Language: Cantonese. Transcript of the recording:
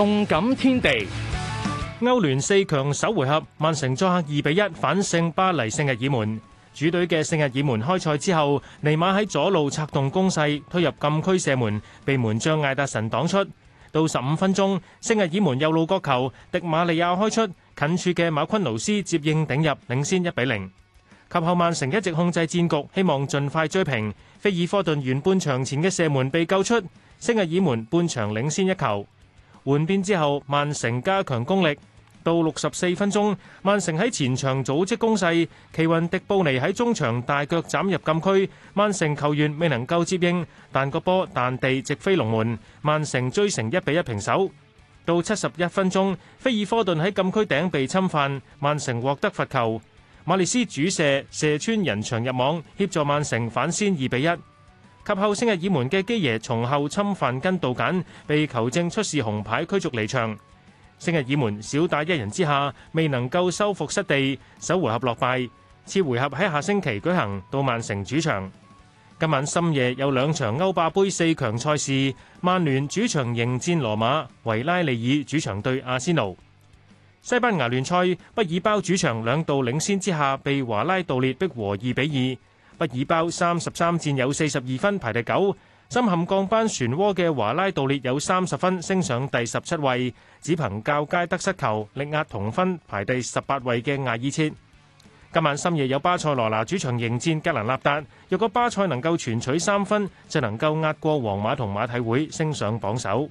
動感天地，歐聯四強首回合，曼城作客二比一反勝巴黎聖日耳門。主隊嘅聖日耳門開賽之後，尼馬喺左路策動攻勢，推入禁區射門，被門將艾達臣擋出。到十五分鐘，聖日耳門右路角球，迪馬利亞開出，近處嘅馬昆奴斯接應頂入，領先一比零。及後曼城一直控制戰局，希望盡快追平。菲爾科頓完半場前嘅射門被救出，聖日耳門半場領先一球。換邊之後，曼城加強攻力。到六十四分鐘，曼城喺前場組織攻勢，奇雲迪布尼喺中場大腳斬入禁區，曼城球員未能夠接應，但個波彈地直飛龍門，曼城追成一比一平手。到七十一分鐘，菲爾科頓喺禁區頂被侵犯，曼城獲得罰球，馬列斯主射射穿人牆入網，協助曼城反先二比一。及後聖日耳門嘅基耶從後侵犯跟道簡，被球證出示紅牌驅逐離場。聖日耳門少打一人之下，未能夠收復失地，首回合落敗。次回合喺下星期舉行到曼城主場。今晚深夜有兩場歐霸杯四強賽事，曼聯主場迎戰羅馬，維拉利爾主場對阿仙奴。西班牙聯賽，畢爾包主場兩度領先之下，被華拉杜列逼和二比二。不爾包三十三戰有四十二分排第九，深陷降班漩渦嘅華拉道列有三十分升上第十七位，只憑較佳得失球力壓同分排第十八位嘅亞爾切。今晚深夜有巴塞羅那主場迎戰格蘭納達，若果巴塞能夠全取三分，就能夠壓過皇馬同馬體會升上榜首。